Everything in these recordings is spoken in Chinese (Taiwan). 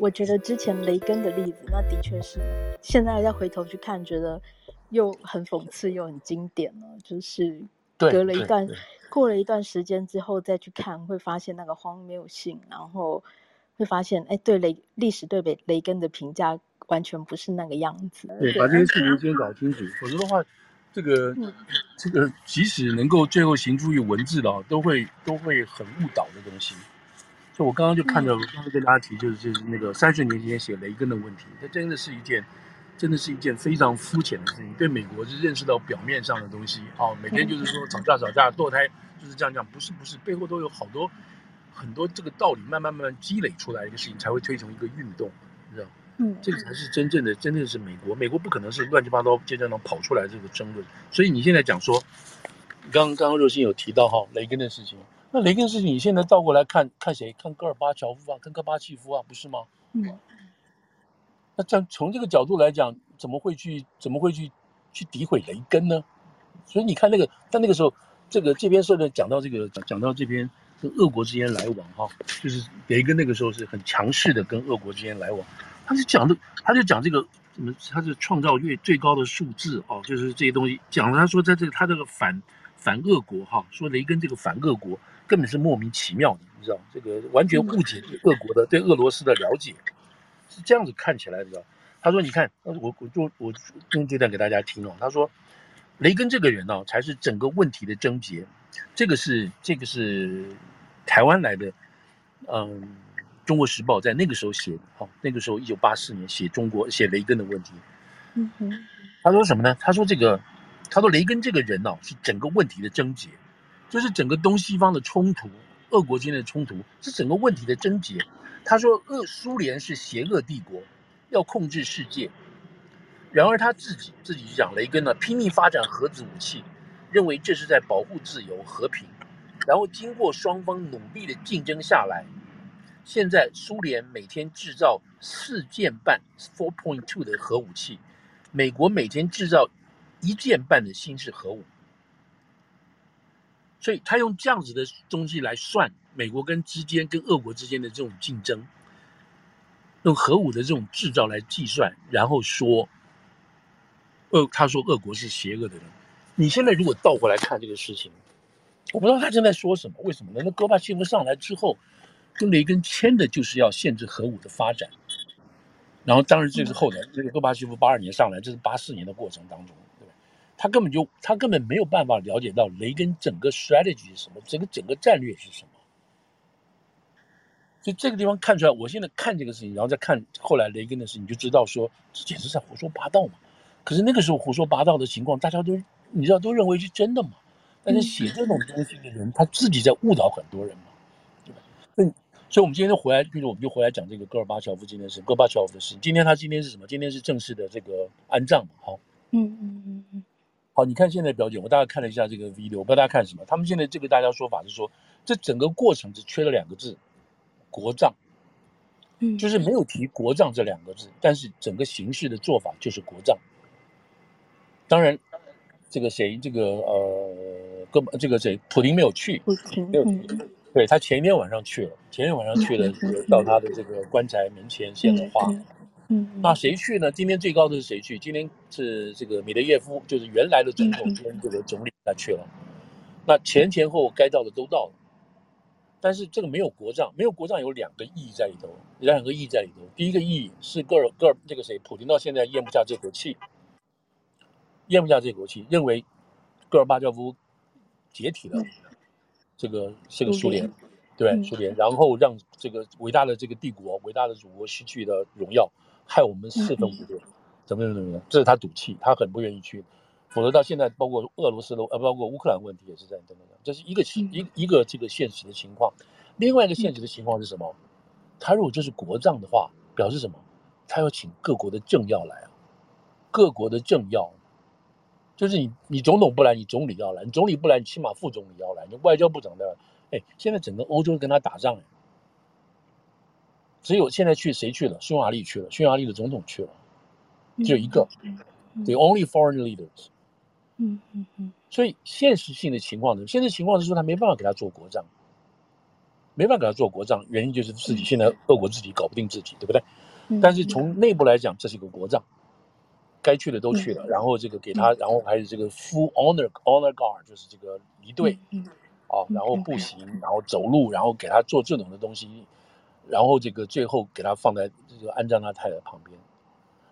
我覺得之前雷根的例子，那的確是，現在再回頭去看，覺得又很諷刺又很經典了。就是隔了一段，過了一段時間之後再去看，會發現那個荒謬性，然後會發現，哎，對雷歷史對雷雷根的評價完全不是那個樣子。對，對，把這些事情先搞清楚，否則的話，這個、嗯、這個即使能夠最後行諸於文字的都會都會很誤導的東西。就我剛剛就看到，剛剛跟大家提，就是就是那個三十年前寫雷根的問題，這真的是一件，真的是一件非常膚淺的事情，對美國是認識到表面上的東西，哦、啊，每天就是說吵架吵架，墮胎就是這樣講這樣，不是不是，背後都有好多很多這個道理，慢慢慢慢積累出來一個事情，才會推成一個運動，你知道嗯，這個才是真正的，真正是美國，美國不可能是亂七八糟、街巷上跑出來這個爭論，所以你現在講說，剛剛熱心有提到哈雷根的事情。那雷根是你現在倒過來看看誰？看戈爾巴喬夫啊，跟戈巴契夫啊，不是嗎？嗯。那這樣，從這個角度來講，怎麼會去怎麼會去去詆毀雷根呢？所以你看那個，但那個時候，這個這邊說的，講到這個，講到這邊跟俄國之間來往哈、啊，就是雷根那個時候是很強勢的跟俄國之間來往，他就講的，他就講這個怎麼他是創造月最高的數字哦、啊，就是這些東西講了，他說在這個他這個反反俄國哈、啊，說雷根這個反俄國。根本是莫名其妙的，你知道？這個完全誤解俄國的對俄羅斯的了解，嗯、是這樣子看起來，的，他說：“你看，我我就我用這段給大家聽了、哦。”他說：“雷根這個人呢、哦，才是整個問題的症結。”這個是這個是台灣來的，嗯，《中國時報》在那個時候寫的，好、哦，那個時候一九八四年寫中國寫雷根的問題。嗯、哼他說什麼呢？他說這個，他說雷根這個人呢、哦，是整個問題的症結。就是整個東西方的衝突，俄國之間的衝突是整個問題的症結。他說俄，俄蘇聯是邪惡帝國，要控制世界。然而他自己自己就講，雷根呢拼命發展核子武器，認為這是在保護自由和平。然後經過雙方努力的競爭下來，現在蘇聯每天製造四件半 （four point two） 的核武器，美國每天製造一件半的新式核武。所以他用這樣子的東西來算美國跟之間跟俄國之間的這種競爭，用核武的這種制造來計算，然後說，呃，他說俄國是邪惡的人。你現在如果倒過來看這個事情，我不知道他正在說什麼，為什麼呢？那戈巴契夫上來之後，跟雷根簽的就是要限制核武的發展，然後當然這是後來，這、嗯、個戈巴契夫八二年上來，這是八四年的過程當中。他根本就他根本沒有辦法了解到雷根整個 strategy 是什麼，整個整個戰略是什麼，所以這個地方看出來，我現在看這個事情，然後再看後來雷根的事情，你就知道說這簡直在胡說八道嘛。可是那個時候胡說八道的情況，大家都你知道都認為是真的嘛。但是寫這種東西的人，他自己在誤導很多人嘛，對吧？嗯，所以我們今天就回來就是，我們就回來講這個戈爾巴喬夫今天是，戈爾巴喬夫的事情。今天他今天是什麼？今天是正式的這個安葬嘛？好。嗯嗯嗯嗯。好，你看現在表姐，我大概看了一下這個 video 我不知道大家看什麼。他們現在這個大家說法是說，這整個過程只缺了兩個字，國葬，嗯，就是沒有提國葬這兩個字，嗯、但是整個形式的做法就是國葬。當然，這個誰，這個呃，哥，這個誰，普丁沒有去，普丁聽沒有去，嗯、對他前一天晚上去了，前一天晚上去了，嗯、到他的這個棺材門前獻的花。嗯那誰去呢？今天最高的是誰去？今天是這個米德耶夫，就是原來的總統跟這個總理，他去了。嗯、那前前後後該到的都到了，但是這個沒有國葬，沒有國葬有兩個意義在裡頭，有兩個意義在裡頭。第一個意義是戈爾戈爾那、這個誰，普京到現在咽不下這口氣，咽不下這口氣，認為戈爾巴喬夫解體了、嗯、這個是個蘇聯，嗯、對，蘇聯，嗯、然後讓這個偉大的這個帝國、偉大的祖國失去了榮耀。害我們四分五裂，怎麼怎麼怎麼？這是他賭氣，他很不願意去，否則到現在，包括俄羅斯的呃，包括烏克蘭問題也是這樣。等等這是一個情一一個這個，個現實的情況。另外一個現實的情況是什麼？嗯，他如果這是國葬的話，表示什麼？他要請各國的政要來啊，各國的政要，就是你你總統不來，你總理要來，你總理不來，你起碼副總理要來，你外交部長要來。哎，現在整個歐洲跟他打仗。只有現在去誰去了？匈牙利去了，匈牙利的總統去了，就一個。The、mm hmm. only foreign leaders。嗯嗯嗯。Hmm. 所以現實性的情況呢、就是？現在情況是說他沒辦法給他做國葬，沒辦法給他做國葬，原因就是自己現在俄國自己搞不定自己，對不對？Mm hmm. 但是從內部來講，這是一個國葬。該去的都去了，mm hmm. 然後這個給他，然後還有這個 full honor honor guard，就是這個儀隊，啊、mm hmm. 哦，然後步行，然後走路，然後給他做這種的東西。然後這個最後給他放在這個安葬他太太旁邊，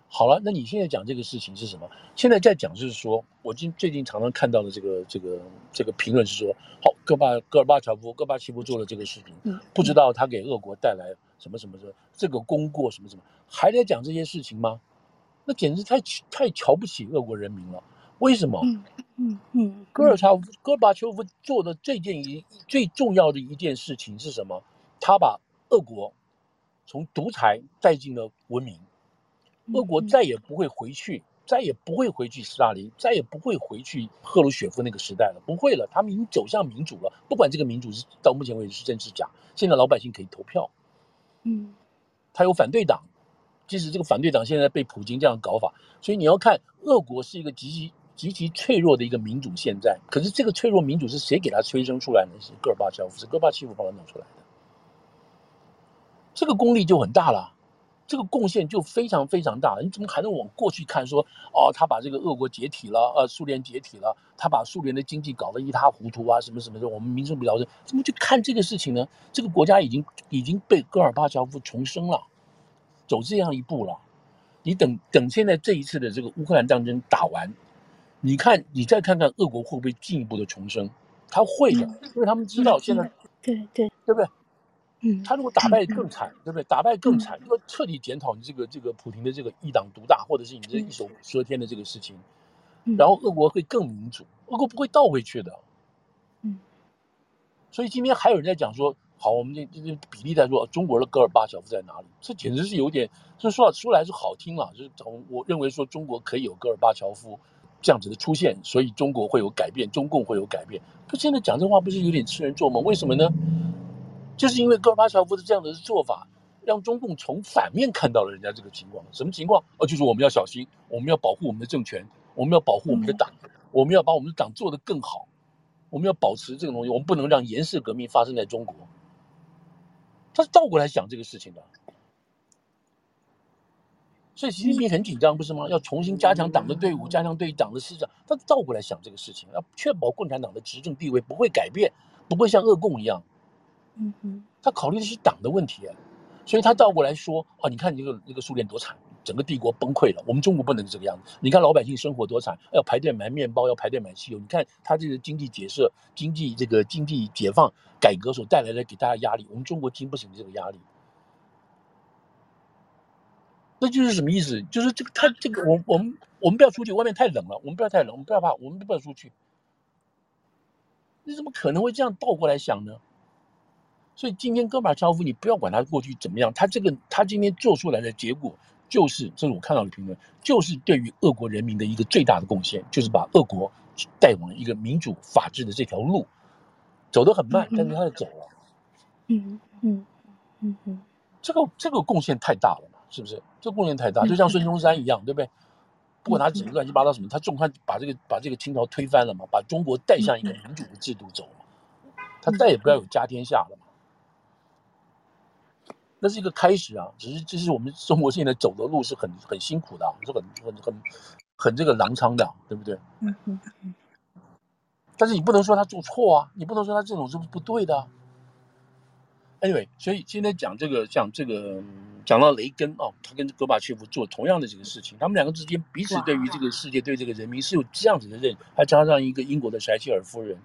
好了，那你現在講這個事情是什麼？現在在講就是說，我今最近常常看到的這個這個這個評論是說，好戈巴戈爾巴喬夫、戈巴契夫做了這個事情，嗯、不知道他給俄國帶來什麼什麼的什麼這個功過什麼什麼，還在講這些事情嗎？那簡直太太瞧不起俄國人民了，為什麼？嗯嗯戈爾喬夫戈爾巴喬夫做的這件一最重要的一件事情是什麼？他把。俄國從獨裁帶進了文明，嗯、俄國再也不會回去，再也不會回去斯大林，再也不會回去赫魯雪夫那個時代了，不會了，他們已經走向民主了。不管這個民主是到目前為止是真是假，現在老百姓可以投票。嗯，他有反對黨，即使這個反對黨現在被普京這樣搞法，所以你要看俄國是一個極其極其脆弱的一個民主。現在，可是這個脆弱民主是誰給他催生出來的？是戈爾巴喬夫，是戈爾巴喬夫把他弄出來的。這個功力就很大了，這個貢獻就非常非常大了。你怎麼還能往過去看說，說哦，他把這個俄國解體了，呃，蘇聯解體了，他把蘇聯的經濟搞得一塌糊塗啊，什麼什麼的。我們民生不聊生。怎麼就看這個事情呢？這個國家已經已經被戈爾巴喬夫重生了，走這樣一步了。你等等，現在這一次的這個烏克蘭戰爭打完，你看，你再看看俄國會不會進一步的重生？他會的，嗯、因為他們知道現在，嗯嗯、對對對，對不對？他如果打敗更慘，嗯、對不對？打敗更慘，嗯、如果徹底檢討你這個這個普丁的這個一黨獨大，嗯、或者是你這一手遮天的這個事情，嗯、然後俄國會更民主，俄國不會倒回去的。嗯、所以今天還有人在講說，好，我們這這比例在說中國的戈巴契夫在哪裡？這簡直是有點，就說說來是好聽了。就是從我認為說中國可以有戈巴契夫這樣子的出現，所以中國會有改變，中共會有改變。可現在講這話不是有點癡人做夢？為什麼呢？嗯就是因為戈爾巴喬夫的這樣的做法，讓中共從反面看到了人家這個情況，什麼情況？哦，就是我們要小心，我們要保護我們的政權，我們要保護我們的黨，我們要把我們的黨做得更好，我們要保持這個東西，我們不能讓顏色革命發生在中國。他是倒過來想這個事情的，所以習近平很緊張，不是嗎？要重新加強黨的隊伍，加強對黨的思想，他倒過來想這個事情，要確保共產黨的執政地位不會改變，不會像惡共一樣。嗯哼，他考慮的是黨的問題，欸，所以他倒過來說啊，你看那個那個蘇聯多慘，整個帝國崩潰了，我們中國不能這個樣子。你看老百姓生活多慘，要排隊買麵包，要排隊買汽油。你看他這個經濟解釋、經濟這個經濟解放改革所帶來的給大家壓力，我們中國經不起這個壓力。那就是什麼意思？就是這個他這個我我們我們不要出去，外面太冷了，我們不要太冷，我們不要怕，我們不要出去。你怎麼可能會這樣倒過來想呢？所以今天戈爾巴喬夫，你不要管他過去怎麼樣，他這個他今天做出來的結果，就是這是我看到的評論，就是對於俄國人民的一個最大的貢獻，就是把俄國帶往一個民主法治的這條路，走得很慢，但是他就走了。嗯嗯嗯嗯，這個這個貢獻太大了嘛，是不是？這貢獻太大，就像孫中山一樣，對不對？不管他整亂七八糟什麼，他總算把這個把這個清朝推翻了嘛，把中國帶向一個民主的制度走了，他再也不要有家天下了。那是一個開始啊，只是這是我們中國現在走的路是很很辛苦的，啊,是很很很很這個狼蒼的，啊，對不對？ 但是你不能說他做錯啊，你不能說他這種是不，是不對的，啊。哎 a y 所以今天講這個，講這個，講到雷根啊，哦，他跟戈巴切夫做同樣的這個事情，他們兩個之間彼此對於這個世界， 對這個人民是有這樣子的認識，還加上一個英國的柴切爾夫人。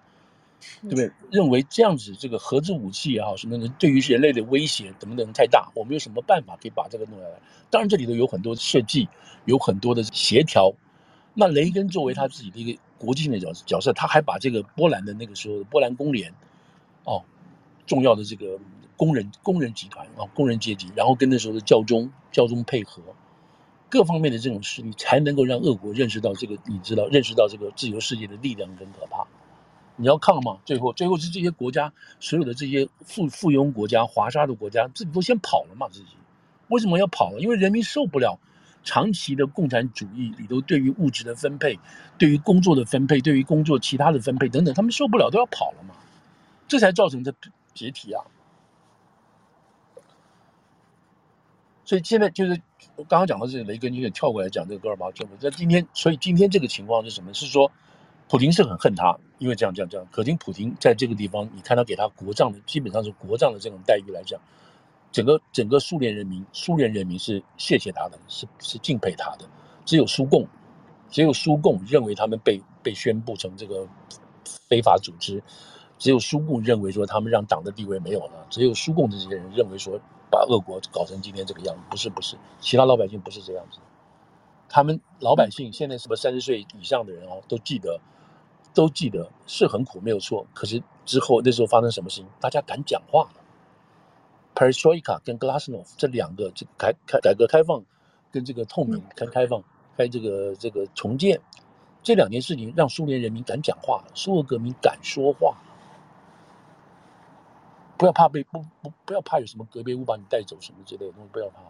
對不對？認為這樣子，這個核子武器也好，什麼的對於人類的威脅，等等太大，我們有什麼辦法可以把這個弄下來？當然，這裡頭有很多設計，有很多的協調。那雷根作為他自己的一個國際性的角角色，他還把這個波蘭的那個時候的波蘭工聯，哦，重要的這個工人工人集團啊、哦，工人階級，然後跟那時候的教宗教宗配合，各方面的這種事，你才能夠讓俄國認識到這個，你知道，認識到這個自由世界的力量跟可怕。你要抗嗎？最後，最後是這些國家所有的這些附附庸國家、華沙的國家自己都先跑了嘛。自己為什麼要跑了？因為人民受不了長期的共產主義裡頭對於物質的分配、對於工作的分配、對於工作其他的分配等等，他們受不了都要跑了嘛。這才造成的解體啊。所以現在就是我剛剛講到這個雷根，就跳過來講這個戈爾巴喬夫。那今天，所以今天這個情況是什麼？是說。普京是很恨他，因為這樣這樣這樣。可聽普京在這個地方，你看他給他國葬的，基本上是國葬的這種待遇來講，整個整個蘇聯人民，蘇聯人民是謝謝他的，是是敬佩他的。只有蘇共，只有蘇共認為他們被被宣布成這個非法組織，只有蘇共認為說他們讓黨的地位沒有了，只有蘇共這些人認為說把俄國搞成今天這個樣子，不是不是，其他老百姓不是這樣子。他們老百姓現在是不是三十歲以上的人哦、啊，都記得都記得是很苦，沒有錯。可是之後那時候發生什麼事情，大家敢講話了。Perestroika 跟 Glasnost 這兩個，這改改改革開放跟這個透明、開開放、開這個這個重建，這兩件事情讓蘇聯人民敢講話，蘇俄革命敢說話。不要怕被不不不要怕有什麼格別烏，把你帶走什麼之類的東西，不要怕。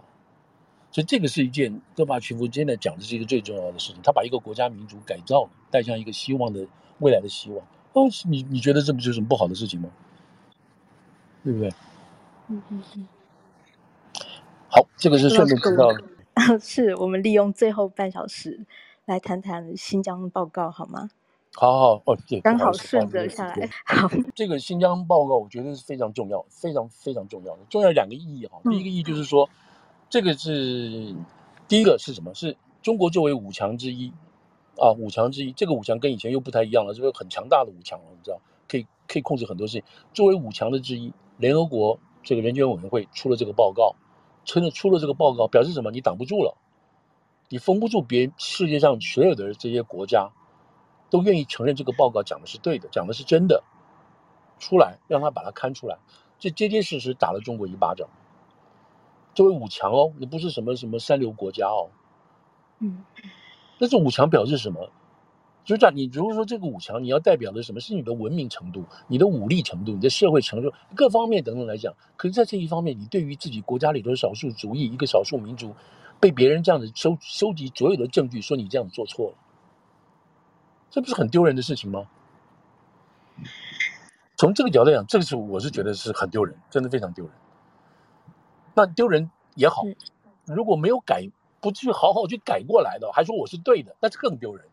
所以這個是一件戈巴契夫今天來講的是一個最重要的事情，他把一個國家民族改造，帶向一個希望的。未來的希望哦，你你覺得這不就是什麼不好的事情嗎？對不對？嗯嗯嗯。嗯嗯好，這個是順利知道的。是我們利用最後半小時來談談新疆報告好嗎？好好，哦，對。剛好順着下來。好，這個新疆報告我覺得是非常重要，非常非常重要的。重要兩個意義哈、哦，嗯、第一個意義就是說，這個是第一個是什麼？是中國作為五強之一。啊，五強之一，這個五強跟以前又不太一樣了，這個很強大的五強了，你知道，可以可以控制很多事情。作為五強的之一，聯合國這個人權委員會出了這個報告，稱了出了這個報告，表示什麼？你擋不住了，你封不住別世界上所有的這些國家，都願意承認這個報告講的是對的，講的是真的，出來讓他把它刊出來，這結結實實打了中國一巴掌。作為五強哦，你不是什麼什麼三流國家哦，嗯。那這五強表示什麼？就這樣，你如果說這個五強你要代表的什麼？是你的文明程度、你的武力程度、你的社會程度各方面等等來講。可是，在這一方面，你對於自己國家裡頭的少數族裔、一個少數民族，被別人這樣子收收集所有的證據，說你這樣子做錯了，這不是很丟人的事情嗎？從這個角度來講，這個是，我是覺得是很丟人，真的非常丟人。那丟人也好，如果沒有改。不去好好去改過來的，還說我是對的，那是更丟人。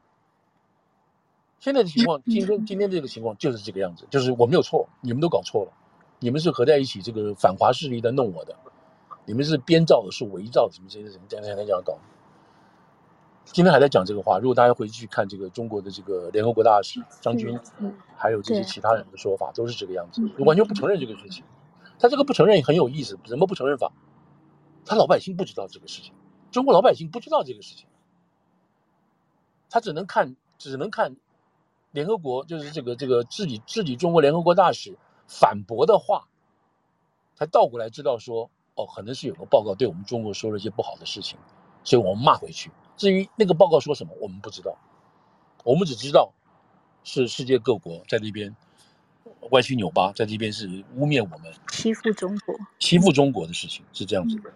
現在的情況，今天，嗯、今天這個情況就是這個樣子，嗯、就是我沒有錯，你們都搞錯了，你們是合在一起這個反華勢力在弄我的，你們是編造的，是偽造的，什麼這些什麼講講講講搞的。今天還在講這個話，如果大家回去看這個中國的這個聯合國大使張軍，還有這些其他人的說法，對都是這個樣子，嗯、我完全不承認這個事情。嗯、他這個不承認也很有意思，怎麼不承認法？他老百姓不知道這個事情。中國老百姓不知道這個事情，他只能看，只能看聯合國，就是這個這個自己自己中國聯合國大使反駁的話，才倒過來知道說，哦，可能是有個報告對我們中國說了一些不好的事情，所以我們罵回去。至於那個報告說什麼，我們不知道，我們只知道是世界各國在那邊歪曲扭巴，在這邊是污衊我們，欺負中國，欺負中國的事情是這樣子的。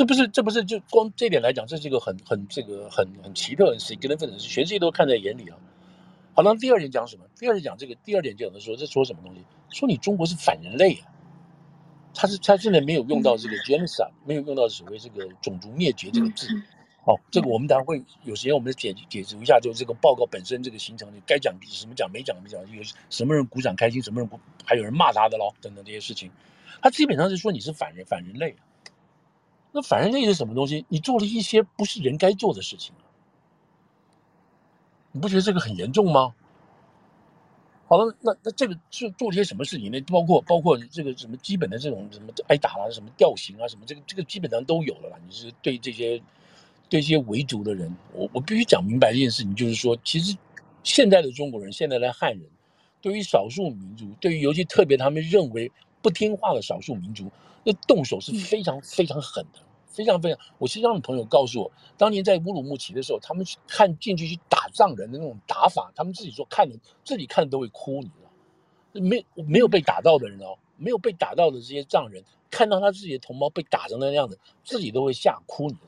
這不是，這不是，就光這點來講，這是一個很很這個很很奇特、很 signature 的事，全世界都看在眼裡啊。好了，第二點講什麼？第二點講這個，第二點講的說，這說什麼東西？說你中國是反人類啊！他是他現在沒有用到這個 genocide，沒有用到所謂這個種族滅絕這個字，哦，這個我們待會有時間，我們解解釋一下，就這個報告本身這個形成的，該講什麼講沒講沒講，有什麼人鼓掌開心，什麼人不還有人罵他的咯，等等這些事情，他基本上是說你是反人反人類啊。那反正那是什麼東西，你做了一些不是人該做的事情，你不覺得這個很嚴重嗎？好了，那那這個是做了些什麼事情呢？包括包括這個什麼基本的這種什麼挨打啦、啊、什麼吊刑啊、什麼這個這個基本上都有了。你是對這些對一些維族的人，我我必須講明白一件事情，就是說，其實現在的中國人，現在的漢人，對於少數民族，對於尤其特別，他們認為。不聽話的少數民族，那動手是非常非常狠的，嗯、非常非常。我西藏的朋友告訴我，當年在烏魯木齊的時候，他們看進去去打藏人的那種打法，他們自己說看的自己看着都會哭，你知道？沒沒有被打到的人哦，沒有被打到的這些藏人，看到他自己的同胞被打成那樣子，自己都會嚇哭，你知道？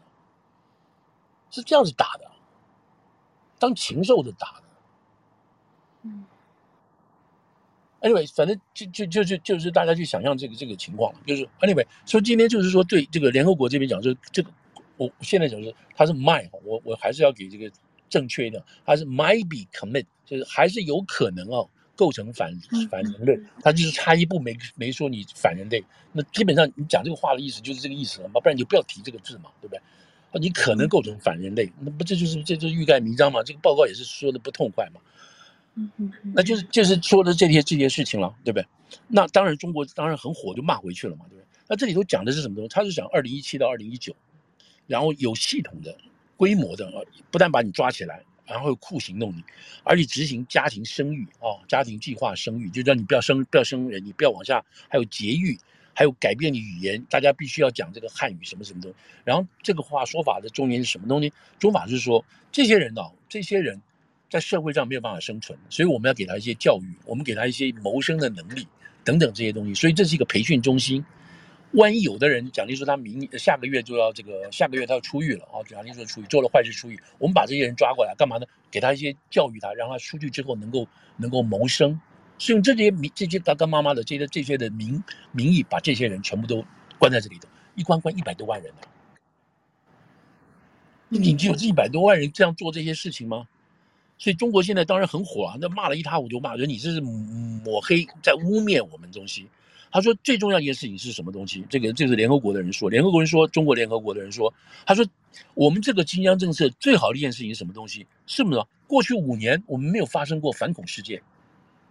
是這樣子打的，當禽獸的打的。嗯。Anyway，反正，就就就就就是大家去想象這個這個情況，就是 Anyway，所以今天就是說對這個聯合國這邊講，說這個，我現在講說他是，是 might，我我還是要給這個正確一點，他是 might be commit，就是還是有可能啊、哦、構成反反人類，他就是差一步沒沒說你反人類，那基本上你講這個話的意思就是這個意思了嘛，不然你就不要提這個字嘛，對不對？你可能構成反人類，那不這就是這就是欲蓋彌彰嘛，這個報告也是說得不痛快嘛。嗯嗯，那就是就是說的這些這些事情了，對不對？那當然，中國當然很火，就罵回去了嘛，對不對？那這裡頭講的是什麼東西？他是講二零一七到二零一九，然後有系統的、規模的，不但把你抓起來，然後酷刑弄你，而且執行家庭生育啊、哦，家庭計劃生育，就叫你不要生，不要生人，你不要往下，還有節育，還有改變你語言，大家必須要講這個漢語什麼什麼東西。然後這個話說法的中心是什麼東西？中法是說，這些人呢、哦，這些人。在社會上沒有辦法生存，所以我們要給他一些教育，我們給他一些謀生的能力等等這些東西。所以這是一個培訓中心。萬一有的人，假設說他明下個月就要這個下個月他要出獄了啊，假設說出獄做了壞事出獄，我們把這些人抓過來幹嘛呢？給他一些教育他，他讓他出去之後能夠能夠謀生。是用這些名這些幹幹媽媽的這些這些的名名義把這些人全部都關在這裡頭，一關關一百多萬人呢。你就有這一百多萬人這樣做這些事情嗎？所以中國現在當然很火啊，那罵了一塌糊塗，罵人，你這是抹黑，在污衊我們東西。他說最重要一件事情是什麼東西？這個，這個、是聯合國的人說，聯合國人說，中國聯合國的人說，他說我們這個新疆政策最好的一件事情是什麼東西？是不是嗎？過去五年我們沒有發生過反恐事件。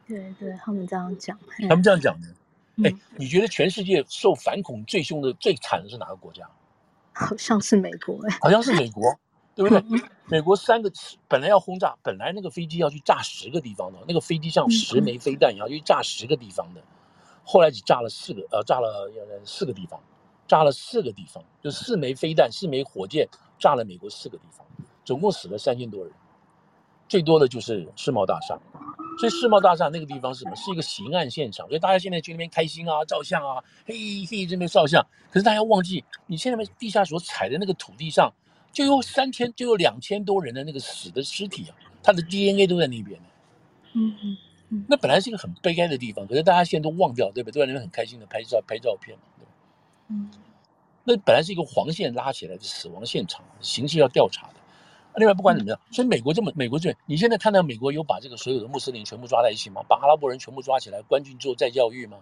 對對，他們這樣講，嗯、他們這樣講的。哎，嗯、你覺得全世界受反恐最兇的、最慘的是哪個國家？好像是美國、哎、好像是美國。對不對？美國三個本來要轟炸，本來那個飛機要去炸十個地方的，那個飛機像十枚飛彈一樣，就炸十個地方的，後來只炸了四個，呃，炸了四個地方，炸了四個地方，就四枚飛彈，四枚火箭炸了美國四個地方，總共死了三千多人，最多的就是世貿大廈。所以世貿大廈那個地方是什麼？是一個刑案現場。所以大家現在去那邊開心啊、照相啊，嘿嘿，這邊照相，可是大家忘記，你現在在地下所踩的那個土地上，就有三千，就有兩千多人的那個死的屍體啊，他的 DNA 都在那邊呢。嗯嗯嗯。嗯，那本來是一個很悲哀的地方，可是大家現在都忘掉，對不對？都在那邊很開心的拍照拍照片嘛，對吧？嗯。那本來是一個黃線拉起來的死亡現場，刑事要調查的。另、啊、外，不管怎麼樣，嗯、所以美國這麼美國這樣，你現在看到美國有把這個所有的穆斯林全部抓在一起嗎？把阿拉伯人全部抓起來關進去之後再教育嗎？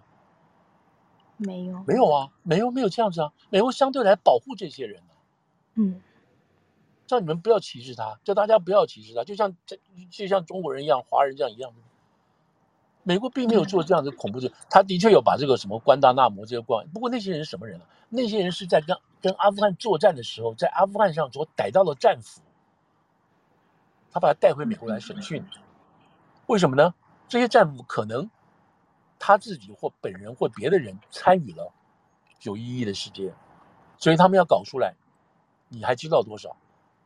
沒有。沒有啊，沒有沒有這樣子啊，美國相對來保護這些人，啊。嗯。叫你們不要歧視他，叫大家不要歧視他，就像這，就像中國人一樣，華人這樣一樣。美國並沒有做這樣的恐怖事，他的確有把這個什麼關達納摩這些關，不過那些人是什麼人啊？那些人是在跟跟阿富汗作戰的時候，在阿富汗上所逮到了戰俘，他把他帶回美國來審訊，為什麼呢？這些戰俘可能他自己或本人或別的人參與了九一一的事件，所以他們要搞出來。你還知道多少？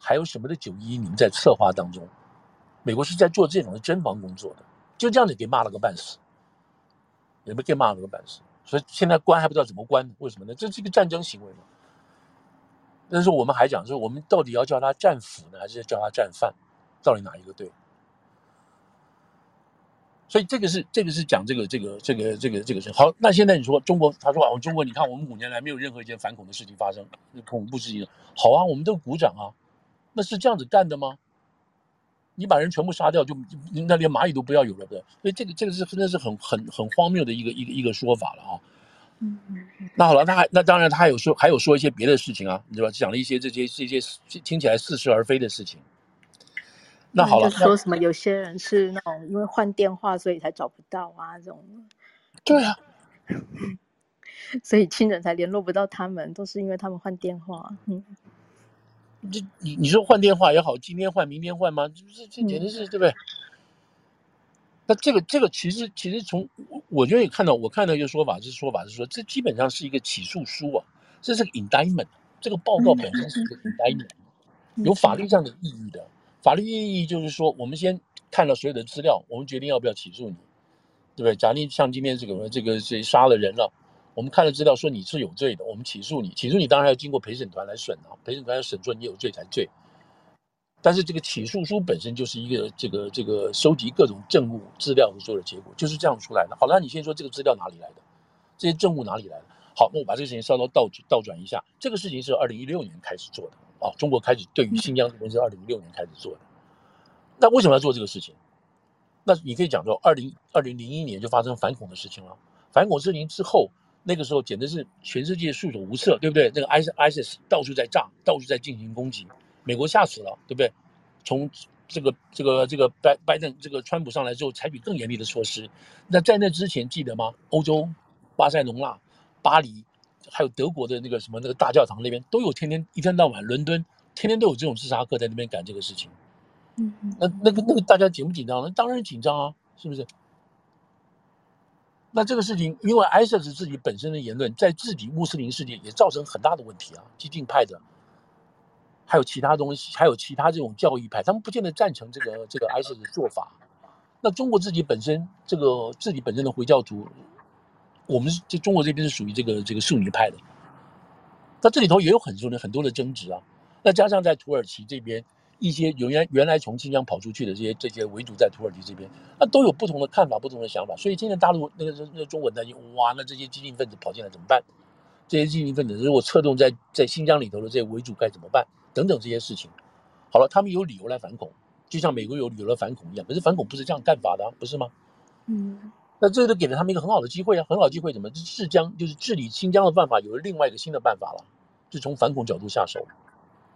還有什麼的九一？你們在策劃當中，美國是在做這種的偵防工作的，就這樣子給罵了個半死，也被給罵了個半死。所以現在關還不知道怎麼關，為什麼呢？這是一個戰爭行為嘛？但是我們還講說，我們到底要叫他戰俘呢，還是叫他戰犯？到底哪一個對？所以這個是這個是講這個這個這個這個這個是好。那現在你說中國，他說啊，中國，你看我們五年來沒有任何一件反恐的事情發生，恐怖事情好啊，我們都鼓掌啊。那是這樣子幹的嗎？你把人全部殺掉，就那連螞蟻都不要有了的。所以這個這個是真的是很很很荒謬的一個一個一個說法了啊。嗯、那好了，那還那當然他還有說還有說一些別的事情啊，你知道吧，講了一些這些這些，這些聽起來似是而非的事情。嗯、那好了。說什麼？他有些人是那種因為換電話所以才找不到啊，這種。對啊。所以親人才聯絡不到他們，都是因為他們換電話。嗯。這你你說換電話也好，今天換明天換嗎？這不是，這簡直是對不對？嗯、那這個這個其實其實從我我覺得也看到我看到一個說法，是說法是說這基本上是一個起訴書啊，這是個 indictment，這個報告本身是一個 indictment，嗯、有法律上的意義的。嗯、法律意義就是說，我們先看到所有的資料，我們決定要不要起訴你，對不對？假定像今天這個這個誰殺了人了、啊？我們看了資料，說你是有罪的，我們起訴你。起訴你當然要經過陪審團來審啊，陪審團要審說你有罪才對。但是這個起訴書本身就是一個這個這個收集各種證物資料做的結果，就是這樣出來的。好了，那你先說這個資料哪裡來的？這些證物哪裡來的？好，那我把這個事情稍稍倒轉倒轉一下，這個事情是二零一六年開始做的啊，中國開始對於新疆這東西是二零一六年開始做的。嗯、那為什麼要做這個事情？那你可以講說，二零二零零一年就發生反恐的事情了，反恐事情之後。那個時候簡直是全世界束手無策，對不對？那個 ISIS ISIS 到處在炸，到處在進行攻擊，美國嚇死了，對不對？從這個這個這個拜拜登這個川普上來之後，採取更嚴厲的措施。那在那之前，記得嗎？歐洲，巴塞隆納、巴黎，還有德國的那個什麼那個大教堂那邊，都有天天一天到晚，倫敦天天都有這種自殺客在那邊幹這個事情。嗯嗯，那那個那個大家緊不緊張？那當然緊張啊，是不是？那這個事情，因為 ISIS 自己本身的言論，在自己穆斯林世界也造成很大的問題啊，激進派的，還有其他東西，還有其他這種教義派，他們不見得贊成這個這個 ISIS 的做法。那中國自己本身這個自己本身的回教徒，我們這中國這邊是屬於這個這個遜尼派的，那這裡頭也有很多的很多的爭執啊。那加上在土耳其這邊。一些原來原來從新疆跑出去的這些這些維族在土耳其這邊，那都有不同的看法，不同的想法。所以今天大陸那個那那中文擔心，哇，那這些激進分子跑進來怎麼辦？這些激進分子如果策動，在在新疆裡頭的這些維族該怎麼辦？等等這些事情。好了，他們有理由來反恐，就像美國有理由來反恐一樣。可是反恐不是這樣幹法的，不是嗎？嗯，那這都給了他們一個很好的機會啊，很好的機會。怎麼治疆？就是治理新疆的辦法有了另外一個新的辦法了，就從反恐角度下手。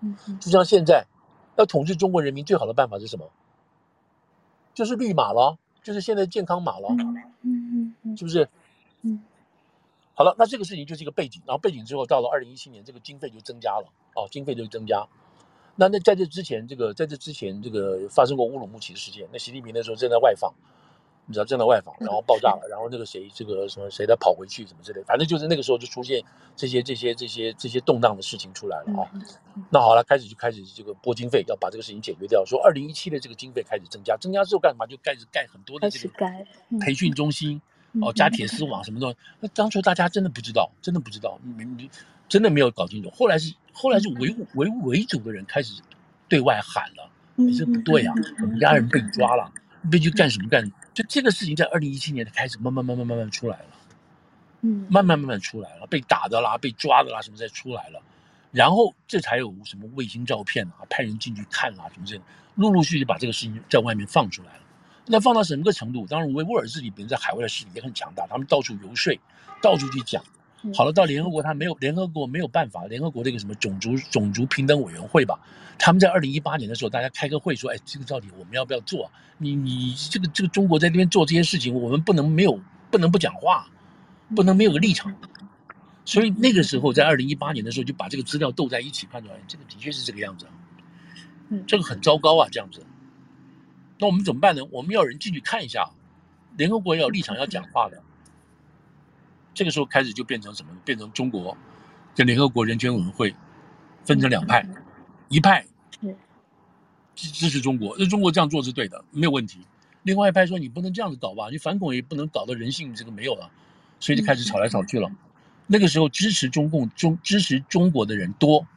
嗯，就像現在。要統治中國人民最好的辦法是什麼？就是綠碼了，就是現在健康碼了，嗯嗯嗯、是不是？嗯，好了，那這個事情就是一個背景，然後背景之後到了二零一七年，這個經費就增加了，哦，經費就增加。那那在這之前，這個在這之前，這個發生過烏魯木齊的事件。那習近平那時候正在外訪。你知道，正在外訪，然後爆炸了，然後那個誰，這個什麼誰的跑回去，什麼之類，反正就是那個時候就出現這些、這些、這些、這些動盪的事情出來了啊。那好了，開始就開始這個撥經費，要把這個事情解決掉。說二零一七的這個經費開始增加，增加之後幹什麼？就開始蓋很多的這個蓋，培訓中心，哦，加鐵絲網什麼東西。那當初大家真的不知道，真的不知道，你你你真的沒有搞清楚。後來是後來是維維維族的人開始對外喊了：“你這不對呀，我們家人被抓了，被去幹什麼幹？”就這個事情在二零一七年的開始慢慢慢慢慢慢出來了，嗯，慢慢慢慢出來了，被打的啦，被抓的啦，什麼再出來了，然後這才有什麼衛星照片啊，派人進去看啊，什麼這樣的，陸陸續續把這個事情在外面放出來了，那放到什麼個程度？當然，維吾爾自己本身在海外的勢力也很強大，他們到處遊說，到處去講。好了，到聯合國，他沒有聯合國沒有辦法，聯合國那個什麼種族種族平等委員會吧，他們在二零一八年的時候，大家開個會說，哎，這個到底我們要不要做？你你這個這個中國在那邊做這些事情，我們不能沒有不能不講話，不能沒有個立場。所以那個時候在二零一八年的時候就把這個資料鬥在一起，判斷這個的確是這個樣子，這個很糟糕啊這樣子。那我們怎麼辦呢？我們要人進去看一下，聯合國要有立場要講話的。這個時候開始就變成什麼呢？變成中國跟聯合國人權委員會分成兩派，mm hmm. 一派支支持中國，那中國這樣做是對的，沒有問題。另外一派說你不能這樣子搞吧，你反恐也不能搞到人性這個沒有了，所以就開始吵來吵去了。Mm hmm. 那個時候支持中共、中支持中國的人多，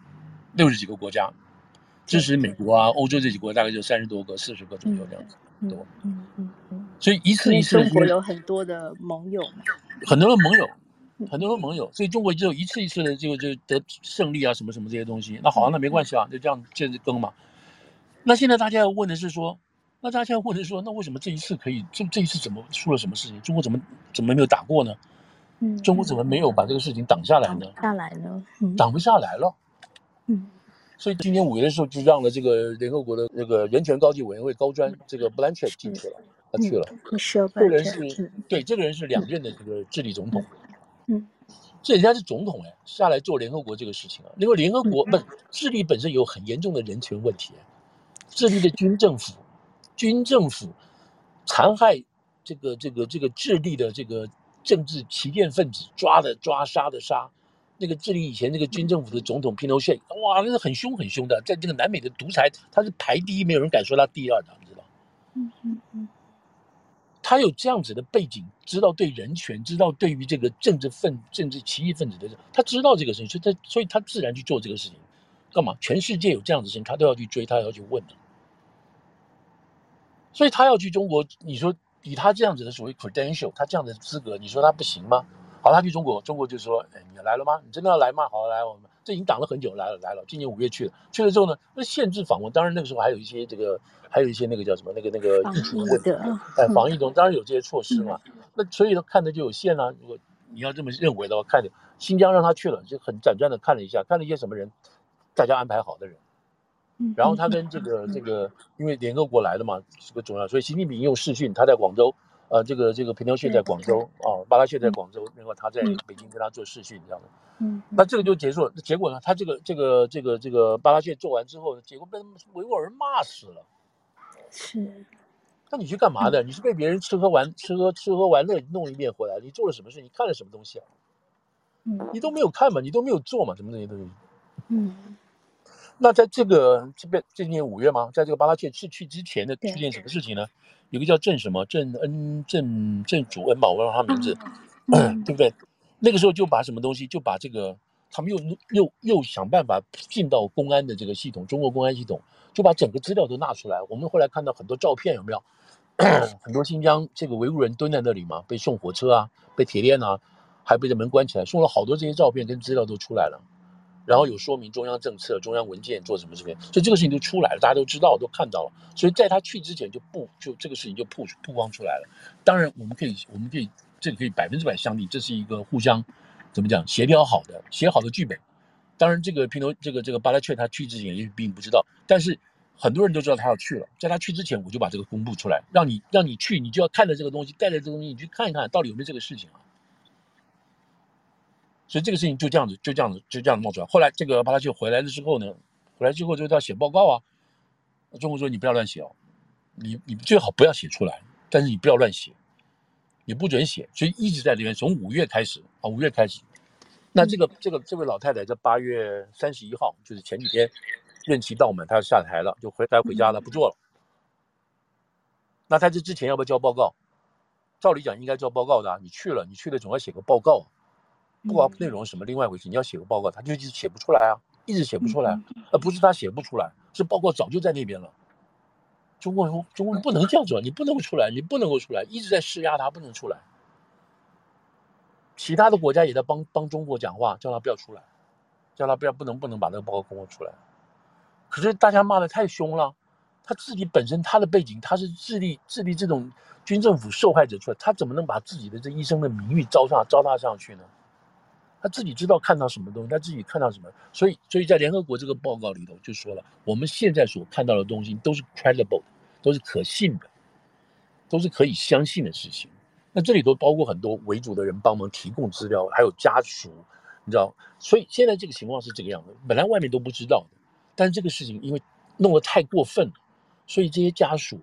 六十幾個國家，支持美國啊、mm hmm. 歐洲這幾國大概就三十多個、四十個左右這樣子、mm hmm. 多。所以一次一次，中國有很多的盟友嘛，很多的盟友，很多的盟友，所以中國就一次一次的就就得勝利啊，什麼什麼這些東西。那好，那沒關係啊，就這樣接着更嘛。那現在大家要問的是說，那大家要問的是說，那為什麼這一次可以？這這一次怎麼出了什麼事情？中國怎麼怎麼沒有打過呢？嗯，中國怎麼沒有把這個事情擋下來呢？擋下來了，嗯、擋不下來了。嗯，所以今年五月的時候就讓了這個聯合國的那個人權高級委員會高專這個 Bachelet 進去了。他去了，嗯、不是這個人是，對，這個人是兩任的這個智利總統，嗯，這人家是總統哎，下來做聯合國這個事情啊。因為聯合國本、嗯、智利本身有很嚴重的人權問題，智利的軍政府，軍政府殘害這個這個這個智利的這個政治欺騙分子，抓的抓，殺的殺。那個智利以前那個軍政府的總統皮諾切，哇，那是很凶很凶的，在這個南美的獨裁，他是排第一，沒有人敢說他第二的，你知道？嗯嗯嗯。他有這樣子的背景，知道對人權，知道對於這個政治分、政治異議分子的，他知道這個事情，所以他所以他自然去做這個事情。幹嘛？全世界有這樣子的事情，他都要去追，他要去問啊，所以他要去中國，你說以他這樣子的所謂 credential，他這樣的資格，你說他不行嗎？好，他去中國，中國就說：“哎、欸，你來了嗎？你真的要來嗎？”好，來我們。已經擋了很久，來了來了。今年五月去了，去了之後呢，那限制訪問，當然那個時候還有一些這個，還有一些那個叫什麼那個那個疫情問的，哎，防疫中當然有這些措施嘛。嗯、那所以看的就有限啊。如果你要這麼認為的話，看新疆讓他去了，就很輾轉，轉的看了一下，看了一些什麼人，大家安排好的人。嗯、然後他跟這個這個，因為聯合國來了嘛，是個重要，所以習近平又視訊他在廣州。呃，這個這個平頭穴在廣州啊，巴拉穴在廣州，然後他在北京跟他做視訊，你知道嗎？嗯，那這個就結束了。結果呢，他這個這個這個這個巴拉穴做完之後，結果被維吾爾人罵死了。是，那你去幹嘛的？你是被別人吃喝玩，嗯、吃喝吃喝玩樂弄一遍回來？你做了什麼事？你看了什麼東西啊？嗯。你都沒有看嘛，你都沒有做嘛，什麼東西都是。嗯，那在這個這邊今年五月嗎？在這個巴拉穴去去之前的出現什麼事情呢？嗯嗯有個叫鄭什麼鄭恩鄭鄭祖恩吧，我忘了他名字，嗯， 對不對？那個時候就把什麼東西，就把這個他們又又又想辦法進到公安的這個系統，中國公安系統就把整個資料都拿出來。我們後來看到很多照片，有沒有？ 很多新疆這個維吾人蹲在那裡嘛，被送火車啊，被鐵鏈啊，還被這門關起來，送了好多這些照片跟資料都出來了。然後有說明中央政策、中央文件做什麼什麼，所以這個事情都出來了，大家都知道，都看到了。所以在他去之前，就不，就這個事情就曝曝光出來了。當然我，我們可以我們可以這裡、個、可以百分之百相信，這是一個互相怎麼講協調好的寫好的劇本。當然這個，這個，這個平頭這個這個巴拉雀他去之前也許並不知道，但是很多人都知道他要去了。在他去之前，我就把這個公布出來，讓你讓你去，你就要看着這個東西，帶着這個東西你去看一看到底有沒有這個事情啊。所以這個事情就這樣子，就這樣子，就這樣子冒出來。後來這個帕拉就回來了之後呢，回來之後就要寫報告啊。中國說你不要亂寫哦，你你最好不要寫出來，但是你不要亂寫，你不准寫。所以一直在這邊，從五月開始啊，五月開始。那這個這個這位老太太在八月三十一號，就是前幾天任期到滿，她要下台了，就回來回家了，不做了。那他這之前要不要交報告？照理講應該交報告的啊，你去了，你去了總要寫個報告啊。不管內容什麼另外一回事，你要寫個報告，他就一直寫不出來啊，一直寫不出來。呃，不是他寫不出來，是報告早就在那邊了。中國中國不能這樣做，你不能出來，你不能夠出來，一直在施壓他不能出來。其他的國家也在幫幫中國講話，叫他不要出來，叫他不要不能不能把那個報告公布出來。可是大家罵的太凶了，他自己本身他的背景，他是智利智利這種軍政府受害者出來，他怎麼能把自己的這一生的名譽糟蹋糟蹋上去呢？他自己知道看到什麼東西，他自己看到什麼，所以，所以在聯合國這個報告裡頭就說了，我們現在所看到的東西都是 credible，都是可信的，都是可以相信的事情。那這裡頭包括很多維族的人幫忙提供資料，還有家屬，你知道，所以現在這個情況是這個樣子。本來外面都不知道的，但這個事情因為弄得太過分，所以這些家屬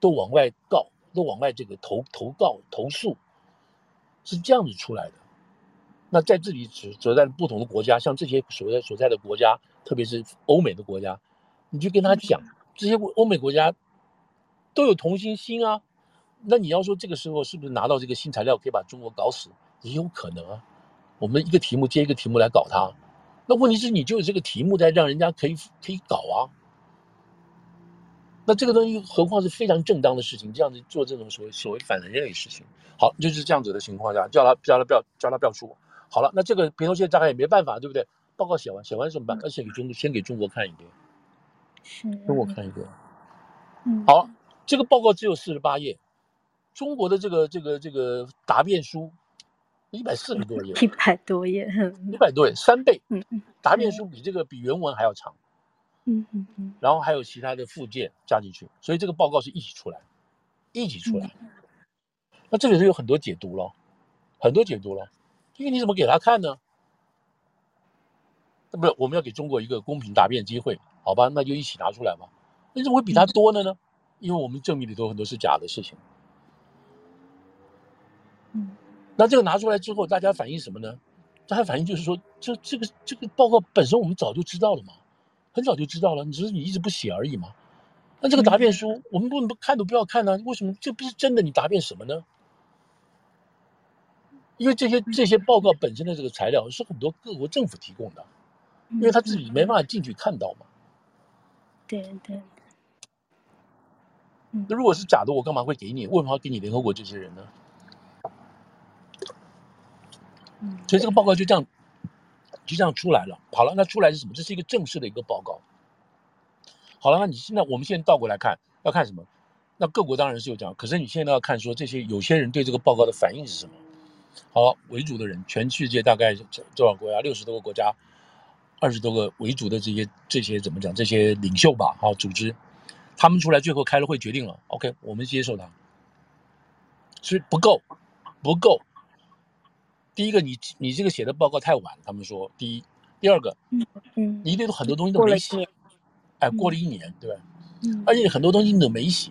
都往外告，都往外這個投投告投訴，是這樣子出來的。那在這裡，只只在不同的國家，像這些所在所在的國家，特別是歐美的國家，你就跟他講，這些歐美國家都有同情心啊。那你要說這個時候是不是拿到這個新材料可以把中國搞死，也有可能啊。我們一個題目接一個題目來搞他，那問題是你就有這個題目在讓人家可以可以搞啊。那這個東西，何況是非常正當的事情，這樣子做這種所謂所謂反人類的事情，好，就是這樣子的情況下，叫他叫他不要叫他不要說。好了，那這個平頭先生大概也沒辦法，對不對？報告寫完，寫完怎麼辦法？要、嗯、先給中國，先給中國看一遍。是、啊、給我看一個。嗯，好，這個報告只有四十八頁，中國的這個這個這個答辯書一百四十多頁，一百、嗯、多頁，一百多頁，三倍。嗯，答辯書比這個比原文還要長。嗯嗯嗯，嗯，然後還有其他的附件加進去，所以這個報告是一起出來，一起出來。嗯、那這裡是有很多解讀囉，很多解讀囉。因為你怎麼給他看呢？那不是，我們要給中國一個公平答辯機會，好吧？那就一起拿出來吧。那怎麼會比他多呢？呢？因為我們證明裡頭很多是假的事情。嗯，那這個拿出來之後，大家反映什麼呢？大家反映就是說，這這個這個報告本身我們早就知道了嘛，很早就知道了，只是你一直不寫而已嘛。那這個答辯書，我們不，不看都不要看呢、啊，為什麼這不是真的？你答辯什麼呢？因為這些這些報告本身的這個材料是很多各國政府提供的，因為他自己沒辦法進去看到嘛。對對。那如果是假的，我幹嘛會給你？為什麼要給你聯合國這些人呢？所以這個報告就這樣就這樣出來了。好了，那出來是什麼？這是一個正式的一個報告。好了，那你現在我們現在倒過來看要看什麼？那各國當然是有這樣，可是你現在要看說這些有些人對這個報告的反應是什麼？好、啊，維族的人，全世界大概多少國家？六十多個國家，二十多個維族的這些這些怎麼講？這些領袖吧，好、啊，組織，他們出來最後開了會，決定了，OK，我們接受他。是不,不夠，不夠。第一個，你你這個寫的報告太晚，他們說第一；第二個，嗯，你一定很多東西都沒寫。哎，過了一年，對、嗯、而且很多東西你都沒寫，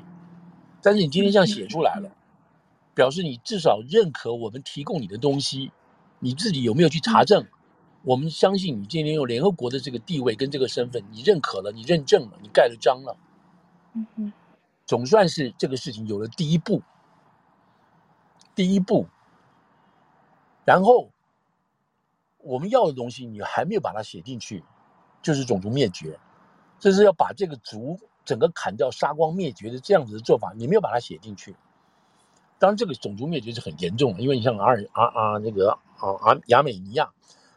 但是你今天這樣寫出來了。嗯表示你至少認可我們提供你的東西，你自己有沒有去查證？我們相信你今天用聯合國的這個地位跟這個身份，你認可了，你認證了，你蓋了章了，嗯哼，總算是這個事情有了第一步，第一步，然後我們要的東西你還沒有把它寫進去，就是種族滅絕，這是要把這個族整個砍掉、殺光、滅絕的這樣子的做法，你沒有把它寫進去。當然，這個種族滅絕是很嚴重的，因為你像阿爾阿阿、啊啊、那個啊阿，亞美尼亞，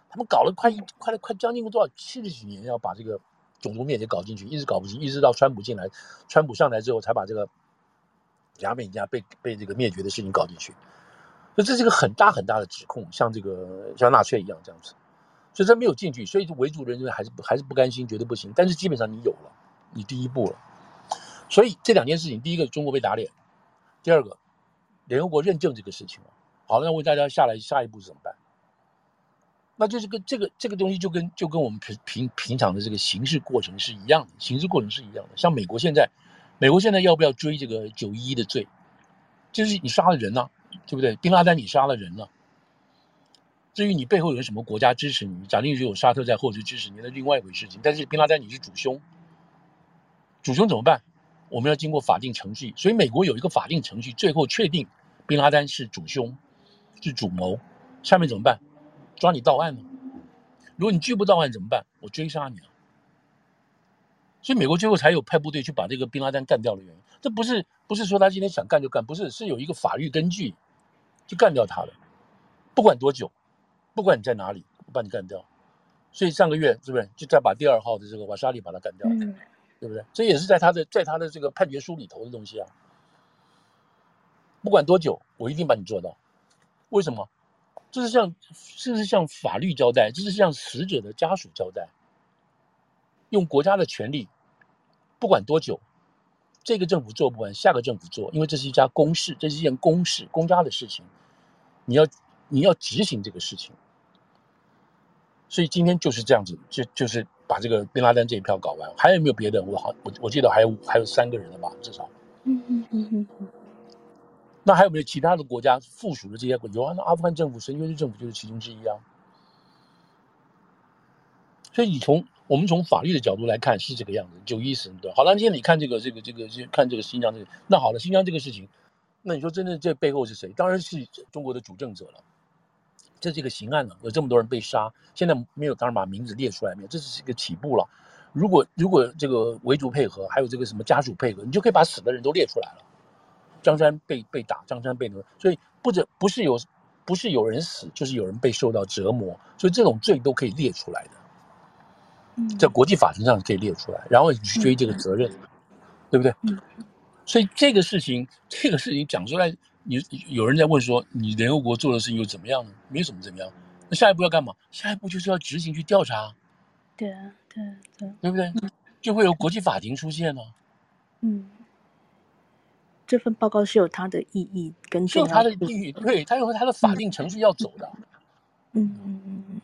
他們搞了快一快了快將近過多少七十幾年，要把這個種族滅絕搞進去，一直搞不進，一直到川普進來，川普上台之後才把這個亞美尼亞被被這個滅絕的事情搞進去。所以這是一個很大很大的指控，像這個像納粹一樣這樣子，所以他沒有進去，所以維族人還是不還是不甘心，覺得不行。但是基本上你有了你第一步了，所以這兩件事情，第一個中國被打臉，第二個。聯合國認證這個事情了，好，那問大家下來下一步是怎麼辦？那就是跟這個、這個、這個東西就跟就跟我們平平平常的這個刑事過程是一樣的，刑事過程是一樣的。像美國現在，美國現在要不要追這個九一一的罪？就是你殺了人呢、啊，對不對？賓拉丹你殺了人呢、啊。至於你背後有什麼國家支持你，假定是有沙特在後續支持你，那另外一回事情，但是賓拉丹你是主凶，主凶怎麼辦？我們要經過法定程序，所以美國有一個法定程序，最後確定。賓拉丹是主凶，是主謀，下面怎麼辦？抓你到案嗎？如果你拒不到案怎麼辦？我追殺你啊！所以美國最後才有派部隊去把這個賓拉丹幹掉的原因，這不是不是說他今天想幹就幹，不是，是有一個法律根據，就幹掉他了，不管多久，不管你在哪裡，我把你幹掉。所以上個月是不是就再把第二號的這個瓦沙里把他幹掉了？嗯、對不對？這也是在他的在他的這個判決書裡頭的東西啊。不管多久，我一定把你做到。為什麼？這是向，這是向法律交代，這是向死者的家屬交代。用國家的權力，不管多久，這個政府做不完，下個政府做，因為這是一家公事，這是一件公事，公家的事情，你要你要執行這個事情。所以今天就是這樣子，就就是把這個賓拉登這一票搞完。還有沒有別的？我好，我我記得還有還有三個人了吧，至少。嗯嗯嗯嗯。嗯嗯嗯那還有沒有其他的國家附屬的這些國家？有啊，那阿富汗政府、神權政府就是其中之一啊。所以，你從我們從法律的角度來看，是這個樣子，有意思，對吧？好了，今天你看這個、這個、這個，看這個新疆這個。那好了，新疆這個事情，那你說真的，這背後是誰？當然是中國的主政者了。這是一個刑案了，有這麼多人被殺，現在沒有，當然把名字列出來沒有？這只是一個起步了。如果如果這個維族配合，還有這個什麼家屬配合，你就可以把死的人都列出來了。張三被被打，張三被，所以不，或者不是有，不是有人死，就是有人被受到折磨。所以，這種罪都可以列出來的，嗯、在國際法庭上可以列出來，然後你去追這個責任，嗯、對不對？嗯、所以，這個事情，這個事情講出來，你有人在問說，你聯合國做的事情又怎麼樣呢？沒什麼怎麼樣。那下一步要幹嘛？下一步就是要執行去調查。對啊，對啊，對。對，對不對？就會有國際法庭出現啊。嗯。嗯這份報告是有它的意義，跟重要的意義他的。嗯、對，它有他它的法定程序要走的。嗯嗯嗯。嗯嗯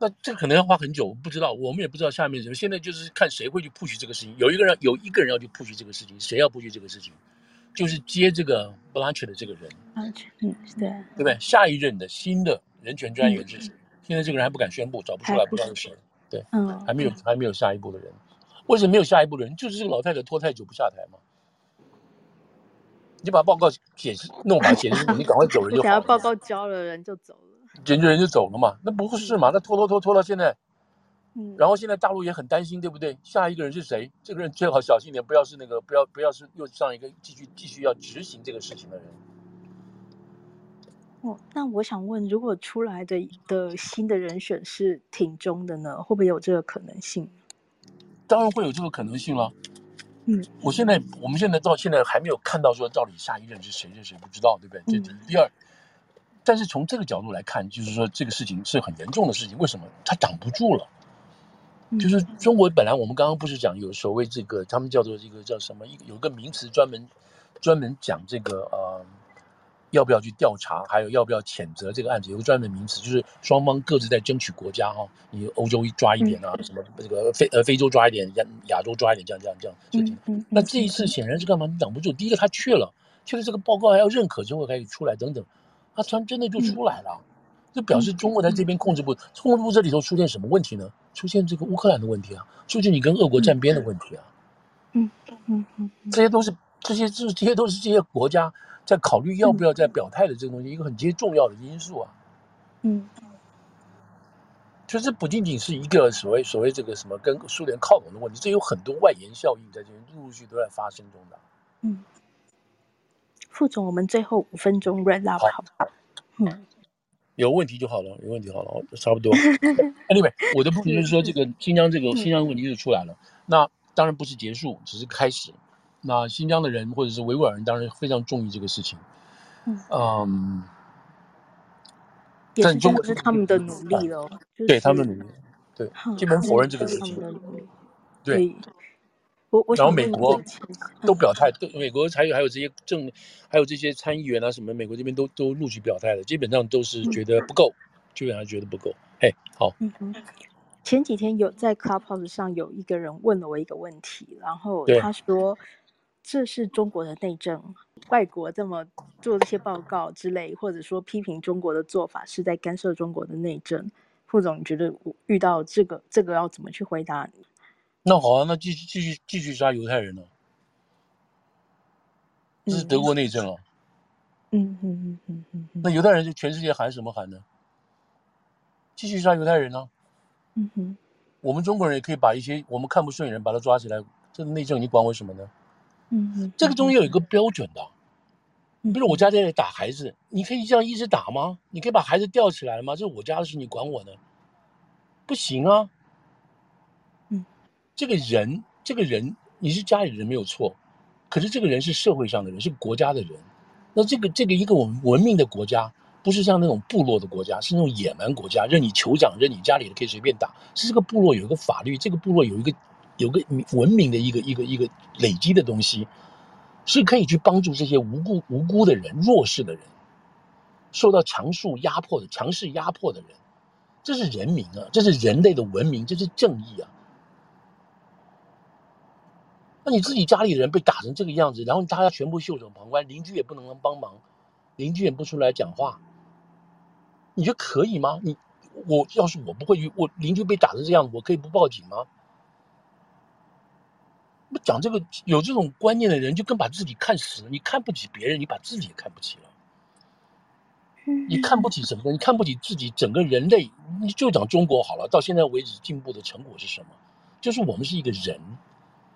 那這個可能要花很久，不知道，我們也不知道下面什麼。現在就是看誰會去布局這個事情。有一個人，有一個人要去布局這個事情。誰要布局這個事情？就是接這個 Bachelet 的這個人。Bachelet，嗯，嗯，對。對不對？下一任的新的人權專員是誰？嗯、現在這個人還不敢宣布，找不出來，不知道是誰。對，嗯，還沒有，嗯、還沒有下一步的人。為什麼沒有下一步的人？就是這個老太太拖太久不下台嘛。你把報告解釋弄完寫，解釋 你趕快走人就好了。把 報告交了，人就走了。解決人，人就走了嘛？那不是嘛？那拖拖拖拖到現在，嗯。然後現在大陸也很擔心，對不對？下一個人是誰？這個人最好小心一點，不要是那個，不要不要是又上一個繼續繼續要執行這個事情的人。哦，那我想問，如果出來的的新的人選是挺中的呢？會不會有這個可能性？當然會有這個可能性了。嗯，我現在，我們現在到現在還沒有看到說，到底下一任是誰，任誰不知道，對不對？這第，第二，但是從這個角度來看，就是說這個事情是很嚴重的事情。為什麼它擋不住了？就是中國本來我們剛剛不是講有所謂這個，他們叫做這個叫什麼？有一有個名詞專門專門講這個啊。呃要不要去調查？還有要不要譴責這個案子？有個專門名詞，就是雙方各自在爭取國家哈、哦。你歐洲一抓一點啊，嗯、什麼這個非呃非洲抓一點，亞亞洲抓一點，這樣這樣這樣。這樣嗯嗯嗯、那這一次顯然是幹嘛？你擋不住。第一個他去了，去了這個報告還要認可，中國開始出來等等，他突然真的就出來了，嗯、就表示中國在這邊控制不、嗯嗯、控制不住這裡頭出現什麼問題呢？出現這個烏克蘭的問題啊，出、就、現、是、你跟俄國站邊的問題啊。嗯嗯嗯。嗯嗯嗯這些都是這些這些都是這些國家。在考慮要不要在表態的這個東西，嗯、一個很極重要的因素啊。嗯，就是不僅僅是一個所謂所謂這個什麼跟蘇聯靠攏的問題，這有很多外延效應在，這些陸陸續續都在發生中的。嗯，副總，我們最後五分鐘熱鬧吧，好不好？好嗯，有問題就好了，有問題好了，差不多。 Anyway，我的問題就是說，這個新疆這個新疆問題就出來了，嗯、那當然不是結束，只是開始。那新疆的人或者是維吾爾人，當然非常重視這個事情。嗯，但中國是他們的努力哦，對他們的努力，對，基本否認這個事情。對，我我然後美國都表態，對，美國還有還有這些政，還有這些參議員啊什麼，美國這邊都都陸續表態了，基本上都是覺得不夠，基本上覺得不夠。嘿，好。前幾天有在 Clubhouse 上有一個人問了我一個問題，然後他說，這是中國的內政，外國這麼做這些報告之類，或者說批評中國的做法，是在干涉中國的內政。副總，你覺得我遇到這個，這個要怎麼去回答你？那好啊，那繼續繼續繼,繼,繼續殺猶太人呢、啊？這是德國內政啊。嗯哼哼哼哼，那猶太人是全世界喊什麼喊呢？繼續殺猶太人呢、啊？嗯哼。我們中國人也可以把一些我們看不順眼人把他抓起來，這個、內政，你管我什麼呢？嗯嗯，這個中間有一個標準的，你比如我家在打孩子，你可以這樣一直打嗎？你可以把孩子吊起來嗎？這是我家的事，你管我呢？不行啊。嗯，這個人，這個人你是家裡人沒有錯，可是這個人是社會上的人，是國家的人，那這個這個一個我們文明的國家，不是像那種部落的國家，是那種野蠻國家，任你酋長，任你家裡人可以隨便打。是這個部落有一個法律，這個部落有一個。有個文明的一個一個一個累積的東西，是可以去幫助這些無辜無辜的人、弱勢的人，受到強束壓迫的強勢壓迫的人，這是人民啊，這是人類的文明，這是正義啊。那你自己家裡的人被打成這個樣子，然後大家全部袖手旁觀，鄰居也不能幫忙，鄰居也不出來講話，你覺得可以嗎？你我要是我不會去，我鄰居被打成這樣，我可以不報警嗎？講這個有這種觀念的人，就更把自己看死了。你看不起別人，你把自己也看不起了。你看不起什麼？你看不起自己整個人類。你就講中國好了，到現在為止進步的成果是什麼？就是我們是一個人，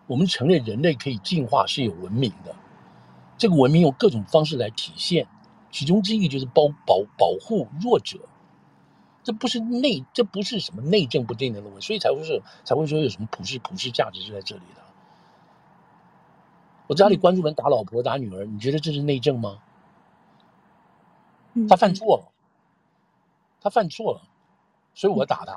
我們承認人類可以進化是有文明的。這個文明用各種方式來體現，其中之一就是保保保護弱者。這不是內，這不是什麼內政不定的論，所以才會是才會說有什麼普世普世價值是在這裡的。我家裡關住門打老婆打女兒，你覺得這是內政嗎？他犯錯了，嗯、他犯錯了，所以我打他。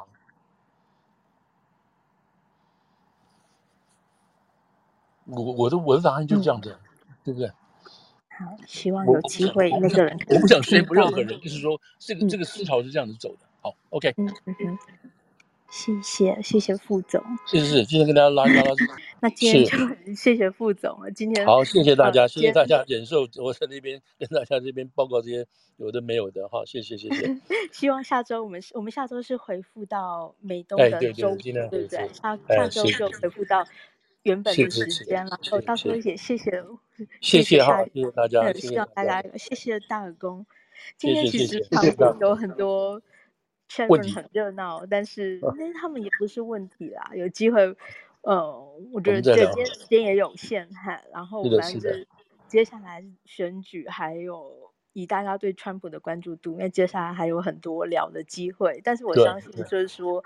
嗯、我我的我的答案就是這樣子，嗯、對不對？好，希望有機會我那個人，人我。我不想說服任何人，就是說，這個、嗯、這個思潮是這樣子走的。好，OK。嗯嗯謝謝謝謝副總，謝謝，今天跟大家拉一拉，那今天就謝謝副總，今天好，謝謝大家，謝謝大家忍受我在那邊跟大家這邊報告這些有的沒有的哈，謝謝謝謝。希望下周我們我們下周是回復到美東的周末，對不對？下下周就回復到原本的時間了，然後到時候也謝謝謝謝哈，謝謝大家，希望大家謝謝大耳公，今天其實旁邊有很多。現在很熱鬧，問題，但是但他們也不是問題啦、啊。哦、有機會，呃，我覺得我對，今天時間也有限哈。然後，反正接下來選舉還有以大家對川普的關注度，那接下來還有很多聊的機會。但是我相信，就是說，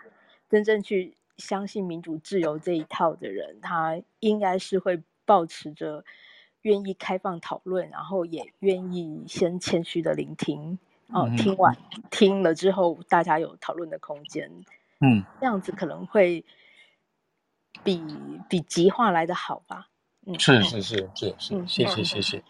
真正去相信民主自由這一套的人，他應該是會保持着願意開放討論，然後也願意先謙虛的聆聽。哦，聽完聽了之後，大家有討論的空間，嗯，這樣子可能會比比激化來的好吧？嗯，是是是是是，謝謝謝謝，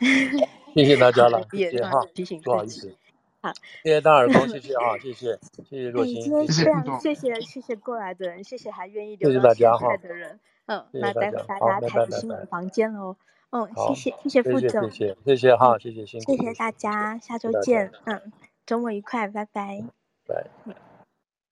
謝謝大家了。第二段哈，提醒不好意思，好，謝謝大耳光，謝謝，謝謝謝謝若新，今天謝謝謝謝過來的人，謝謝還願意留下來的人，嗯，那待會大家開始新的房間哦。哦，謝謝，謝謝副總，謝謝，謝謝哈，謝謝，謝謝大家，謝謝下周見，謝謝嗯，周末愉快，拜拜，拜，拜，嗯。